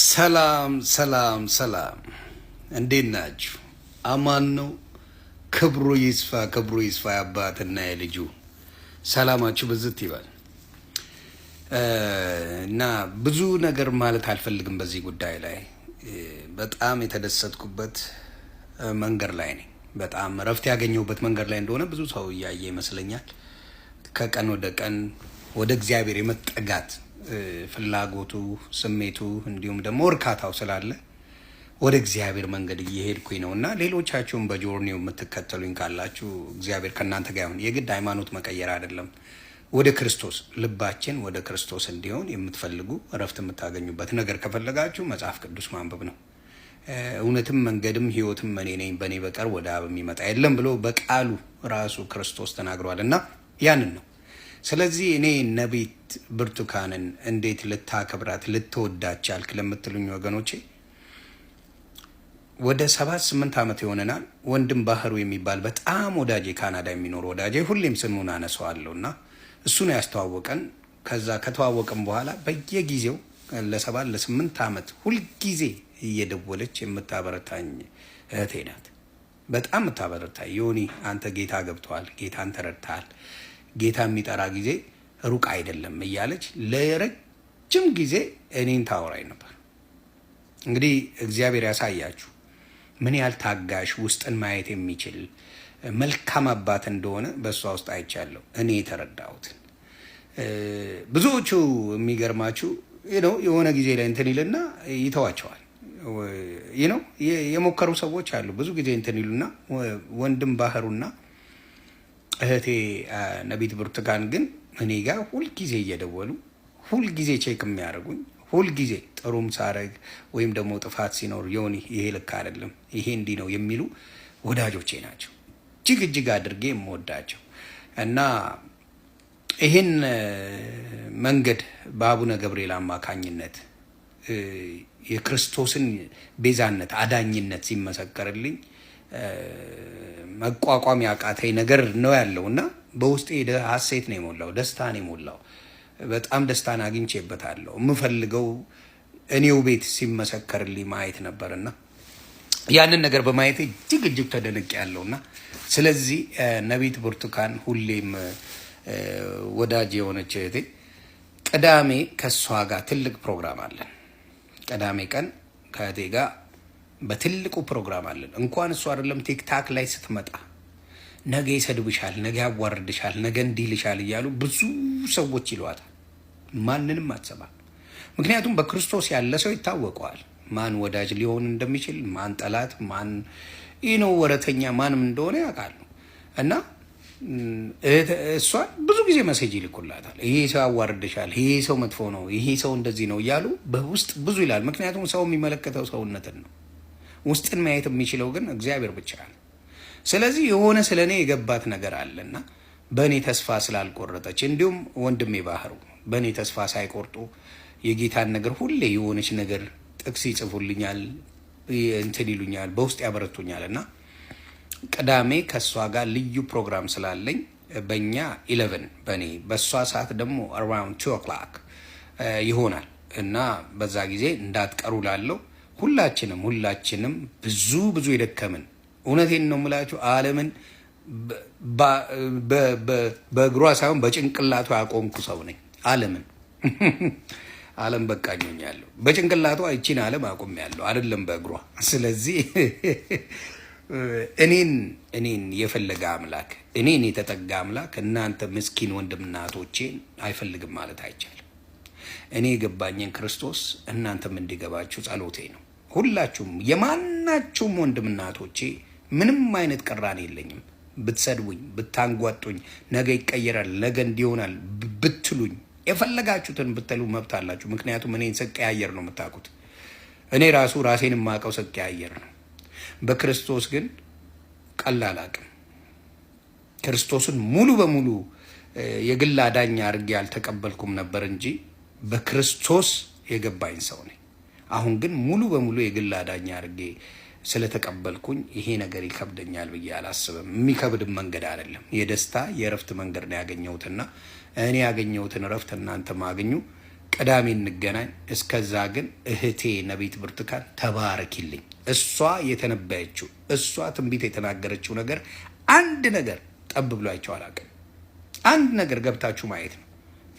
ሰላም ሰላም ሰላም፣ እንዴት ናችሁ? አማን ነው። ክብሩ ይስፋ፣ ክብሩ ይስፋ። የአባትና የልጁ ሰላማችሁ ብዝት ይበል እና ብዙ ነገር ማለት አልፈልግም በዚህ ጉዳይ ላይ በጣም የተደሰትኩበት መንገድ ላይ ነኝ። በጣም እረፍት ያገኘሁበት መንገድ ላይ እንደሆነ ብዙ ሰው እያየ ይመስለኛል። ከቀን ወደ ቀን ወደ እግዚአብሔር የመጠጋት ፍላጎቱ፣ ስሜቱ እንዲሁም ደግሞ እርካታው ስላለ ወደ እግዚአብሔር መንገድ እየሄድኩኝ ነው እና ሌሎቻችሁም በጆርኒው የምትከተሉኝ ካላችሁ እግዚአብሔር ከእናንተ ጋር ይሁን። የግድ ሃይማኖት መቀየር አይደለም። ወደ ክርስቶስ ልባችን ወደ ክርስቶስ እንዲሆን የምትፈልጉ እረፍት የምታገኙበት ነገር ከፈለጋችሁ መጽሐፍ ቅዱስ ማንበብ ነው። እውነትም መንገድም ህይወትም እኔ ነኝ፣ በእኔ በቀር ወደ አብ የሚመጣ የለም ብሎ በቃሉ ራሱ ክርስቶስ ተናግሯል እና ያንን ነው ስለዚህ እኔ ነቢት ብርቱካንን እንዴት ልታከብራት ልትወዳች ቻልክ ለምትሉኝ ወገኖቼ ወደ ሰባት ስምንት ዓመት ይሆነናል። ወንድም ባህሩ የሚባል በጣም ወዳጄ ካናዳ የሚኖር ወዳጄ ሁሌም ስሙን አነሰዋለሁ እና እሱ ነው ያስተዋወቀን። ከዛ ከተዋወቀን በኋላ በየጊዜው ለሰባት ለስምንት ዓመት ሁልጊዜ እየደወለች የምታበረታኝ እህቴ ናት። በጣም የምታበረታኝ ዮኒ፣ አንተ ጌታ ገብተዋል፣ ጌታን ተረድተሃል ጌታ የሚጠራ ጊዜ ሩቅ አይደለም እያለች ለረጅም ጊዜ እኔን ታወራኝ ነበር። እንግዲህ እግዚአብሔር ያሳያችሁ ምን ያህል ታጋሽ ውስጥን ማየት የሚችል መልካም አባት እንደሆነ በእሷ ውስጥ አይቻለሁ እኔ የተረዳሁትን። ብዙዎቹ የሚገርማችሁ ነው የሆነ ጊዜ ላይ እንትን ይልና ይተዋቸዋል። ይህ ነው የሞከሩ ሰዎች አሉ። ብዙ ጊዜ እንትን ይሉና ወንድም ባህሩና እህቴ ነቢት ብርቱካን ግን እኔ ጋር ሁልጊዜ እየደወሉ ሁልጊዜ ቼክ የሚያደርጉኝ ሁልጊዜ ጥሩም ሳረግ ወይም ደግሞ ጥፋት ሲኖር የሆን ይሄ ልክ አይደለም፣ ይሄ እንዲህ ነው የሚሉ ወዳጆቼ ናቸው። እጅግ እጅግ አድርጌ የምወዳቸው እና ይህን መንገድ በአቡነ ገብርኤል አማካኝነት የክርስቶስን ቤዛነት አዳኝነት ሲመሰከርልኝ መቋቋም ያቃተኝ ነገር ነው ያለው እና በውስጤ ሀሴት ነው የሞላው፣ ደስታ ነው የሞላው። በጣም ደስታን አግኝቼበታለሁ። የምፈልገው እኔው ቤት ሲመሰከርልኝ ማየት ነበርና ያንን ነገር በማየት እጅግ እጅግ ተደንቅ ያለውና ስለዚህ ነቢት ብርቱካን ሁሌም ወዳጅ የሆነች እህቴ ቅዳሜ ከእሷ ጋር ትልቅ ፕሮግራም አለን። ቅዳሜ ቀን ከእቴ ጋር በትልቁ ፕሮግራም አለን። እንኳን እሱ አይደለም ቲክታክ ላይ ስትመጣ ነገ ይሰድብሻል፣ ነገ ያዋርድሻል፣ ነገ እንዲልሻል እያሉ ብዙ ሰዎች ይለዋታል። ማንንም አትሰማም። ምክንያቱም በክርስቶስ ያለ ሰው ይታወቀዋል፣ ማን ወዳጅ ሊሆን እንደሚችል፣ ማን ጠላት፣ ማን ይህ ነው ወረተኛ፣ ማንም እንደሆነ ያውቃሉ እና እሷን ብዙ ጊዜ መሴጅ ይልኩላታል። ይሄ ሰው ያዋርድሻል፣ ይሄ ሰው መጥፎ ነው፣ ይሄ ሰው እንደዚህ ነው እያሉ በውስጥ ብዙ ይላል። ምክንያቱም ሰው የሚመለከተው ሰውነትን ነው። ውስጥን ማየት የሚችለው ግን እግዚአብሔር ብቻ ነው። ስለዚህ የሆነ ስለ እኔ የገባት ነገር አለና በእኔ ተስፋ ስላልቆረጠች፣ እንዲሁም ወንድሜ ባህሩ በእኔ ተስፋ ሳይቆርጡ የጌታን ነገር ሁሌ የሆነች ነገር ጥቅስ ይጽፉልኛል፣ እንትን ይሉኛል፣ በውስጥ ያበረቱኛል እና ቅዳሜ ከእሷ ጋር ልዩ ፕሮግራም ስላለኝ በእኛ ኢለቨን በእኔ በእሷ ሰዓት ደግሞ አራውንድ ቱ ኦክላክ ይሆናል እና በዛ ጊዜ እንዳትቀሩ ላለው ሁላችንም ሁላችንም ብዙ ብዙ የደከምን እውነቴን ነው የምላችሁ ዓለምን በእግሯ ሳይሆን በጭንቅላቷ ያቆምኩ ሰው ነኝ። ዓለምን ዓለም በቃኞኛለሁ። በጭንቅላቷ ይቺን ዓለም ያለው አይደለም በእግሯ ስለዚህ እኔን እኔን የፈለገ አምላክ እኔን የተጠጋ አምላክ እናንተ ምስኪን ወንድምና እህቶቼን አይፈልግም ማለት አይቻልም። እኔ የገባኝን ክርስቶስ እናንተም እንዲገባችሁ ጸሎቴ ነው። ሁላችሁም የማናችሁም ወንድምና እህቶቼ ምንም አይነት ቅራኔ የለኝም። ብትሰድቡኝ፣ ብታንጓጡኝ፣ ነገ ይቀየራል፣ ነገ እንዲሆናል ብትሉኝ፣ የፈለጋችሁትን ብትሉ መብት አላችሁ። ምክንያቱም እኔን ስቀያየር ነው የምታውቁት። እኔ ራሱ ራሴን የማውቀው ስቀያየር ነው። በክርስቶስ ግን ቀላል አቅም ክርስቶስን ሙሉ በሙሉ የግል አዳኝ አድርጌ አልተቀበልኩም ነበር እንጂ በክርስቶስ የገባኝ ሰው ነኝ። አሁን ግን ሙሉ በሙሉ የግል አዳኝ አድርጌ ስለተቀበልኩኝ ይሄ ነገር ይከብደኛል ብዬ አላስብም። የሚከብድም መንገድ አይደለም። የደስታ የእረፍት መንገድ ነው ያገኘሁትና እኔ ያገኘሁትን እረፍት እናንተ ማግኙ። ቅዳሜ እንገናኝ። እስከዛ ግን እህቴ ነቢት ብርቱካን ተባረኪልኝ። እሷ የተነበየችው እሷ ትንቢት የተናገረችው ነገር አንድ ነገር ጠብ ብሏቸው አላውቅም። አንድ ነገር ገብታችሁ ማየት ነው።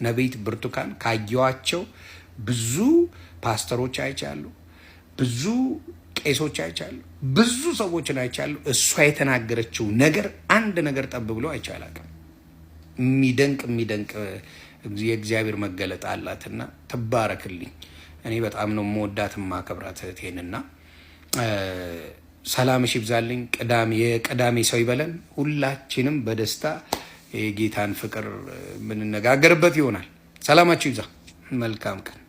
ነቢይት ብርቱካን ካየዋቸው ብዙ ፓስተሮች አይቻሉ፣ ብዙ ቄሶች አይቻሉ፣ ብዙ ሰዎችን አይቻሉ። እሷ የተናገረችው ነገር አንድ ነገር ጠብ ብሎ አይቼ አላውቅም። የሚደንቅ የሚደንቅ የእግዚአብሔር መገለጥ አላትና ትባረክልኝ። እኔ በጣም ነው የምወዳት የማከብራት እህቴንና ሰላምሽ ይብዛልኝ። ቅዳሜ የቅዳሜ ሰው ይበለን። ሁላችንም በደስታ የጌታን ፍቅር የምንነጋገርበት ይሆናል። ሰላማችሁ ይብዛ። መልካም ቀን